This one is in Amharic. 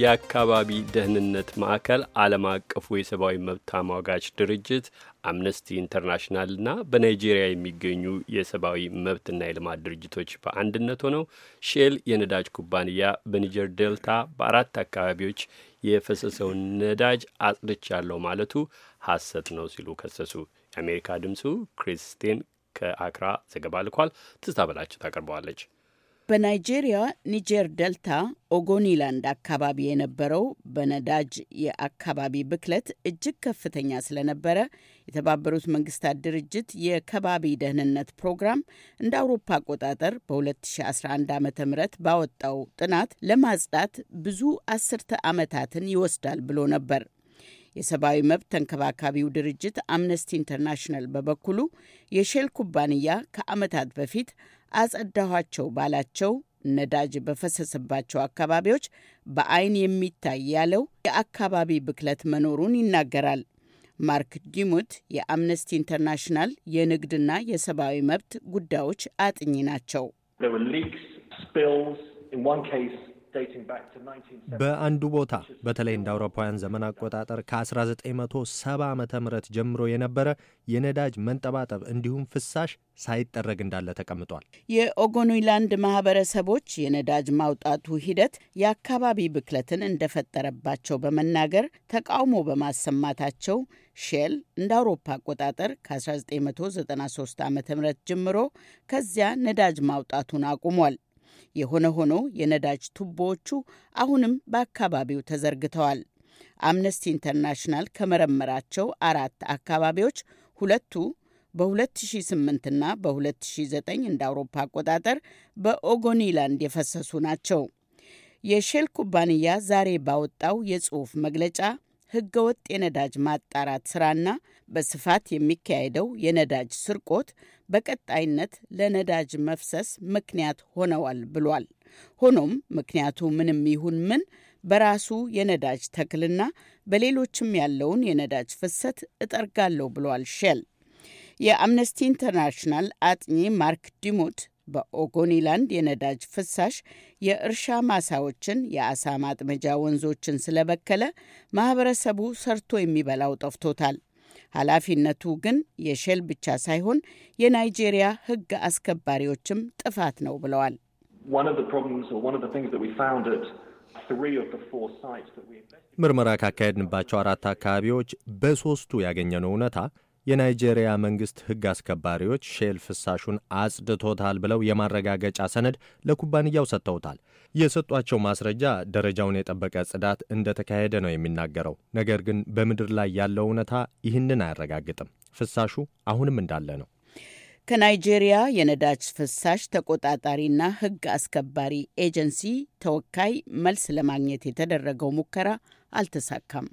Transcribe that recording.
የአካባቢ ደህንነት ማዕከል ዓለም አቀፉ የሰብአዊ መብት ተሟጋች ድርጅት አምነስቲ ኢንተርናሽናልና በናይጄሪያ የሚገኙ የሰብአዊ መብትና የልማት ድርጅቶች በአንድነት ሆነው ሼል የነዳጅ ኩባንያ በኒጀር ዴልታ በአራት አካባቢዎች የፈሰሰውን ነዳጅ አጽድቻለሁ ማለቱ ሐሰት ነው ሲሉ ከሰሱ። የአሜሪካ ድምፁ ክሪስቲን ከአክራ ዘገባ ልኳል። ትስታ በላቸው ታቀርበዋለች። በናይጄሪያ ኒጀር ደልታ ኦጎኒላንድ አካባቢ የነበረው በነዳጅ የአካባቢ ብክለት እጅግ ከፍተኛ ስለነበረ የተባበሩት መንግስታት ድርጅት የከባቢ ደህንነት ፕሮግራም እንደ አውሮፓ አቆጣጠር በ2011 ዓ ም ባወጣው ጥናት ለማጽዳት ብዙ አስርተ ዓመታትን ይወስዳል ብሎ ነበር። የሰብአዊ መብት ተንከባካቢው ድርጅት አምነስቲ ኢንተርናሽናል በበኩሉ የሼል ኩባንያ ከዓመታት በፊት አጸዳኋቸው ባላቸው ነዳጅ በፈሰሰባቸው አካባቢዎች በአይን የሚታይ ያለው የአካባቢ ብክለት መኖሩን ይናገራል። ማርክ ዲሙት የአምነስቲ ኢንተርናሽናል የንግድና የሰብአዊ መብት ጉዳዮች አጥኚ ናቸው። በአንዱ ቦታ በተለይ እንደ አውሮፓውያን ዘመን አቆጣጠር ከ1970 ዓ ም ጀምሮ የነበረ የነዳጅ መንጠባጠብ እንዲሁም ፍሳሽ ሳይጠረግ እንዳለ ተቀምጧል። የኦጎኒላንድ ማህበረሰቦች የነዳጅ ማውጣቱ ሂደት የአካባቢ ብክለትን እንደፈጠረባቸው በመናገር ተቃውሞ በማሰማታቸው ሼል እንደ አውሮፓ አቆጣጠር ከ1993 ዓ ም ጀምሮ ከዚያ ነዳጅ ማውጣቱን አቁሟል። የሆነ ሆኖ የነዳጅ ቱቦዎቹ አሁንም በአካባቢው ተዘርግተዋል። አምነስቲ ኢንተርናሽናል ከመረመራቸው አራት አካባቢዎች ሁለቱ በ2008 እና በ2009 እንደ አውሮፓ አቆጣጠር በኦጎኒላንድ የፈሰሱ ናቸው። የሼል ኩባንያ ዛሬ ባወጣው የጽሑፍ መግለጫ ህገወጥ የነዳጅ ማጣራት ስራና በስፋት የሚካሄደው የነዳጅ ስርቆት በቀጣይነት ለነዳጅ መፍሰስ ምክንያት ሆነዋል ብሏል። ሆኖም ምክንያቱ ምንም ይሁን ምን በራሱ የነዳጅ ተክልና በሌሎችም ያለውን የነዳጅ ፍሰት እጠርጋለሁ ብሏል ሼል። የአምነስቲ ኢንተርናሽናል አጥኚ ማርክ ዲሙት በኦጎኒላንድ የነዳጅ ፍሳሽ የእርሻ ማሳዎችን፣ የአሳ ማጥመጃ ወንዞችን ስለበከለ ማህበረሰቡ ሰርቶ የሚበላው ጠፍቶታል። ኃላፊነቱ ግን የሼል ብቻ ሳይሆን የናይጄሪያ ሕግ አስከባሪዎችም ጥፋት ነው ብለዋል። ምርመራ ካካሄድንባቸው አራት አካባቢዎች በሦስቱ ያገኘነው እውነታ የናይጄሪያ መንግሥት ሕግ አስከባሪዎች ሼል ፍሳሹን አጽድቶታል ብለው የማረጋገጫ ሰነድ ለኩባንያው ሰጥተውታል። የሰጧቸው ማስረጃ ደረጃውን የጠበቀ ጽዳት እንደተካሄደ ነው የሚናገረው። ነገር ግን በምድር ላይ ያለው እውነታ ይህንን አያረጋግጥም። ፍሳሹ አሁንም እንዳለ ነው። ከናይጄሪያ የነዳጅ ፍሳሽ ተቆጣጣሪና ሕግ አስከባሪ ኤጀንሲ ተወካይ መልስ ለማግኘት የተደረገው ሙከራ አልተሳካም።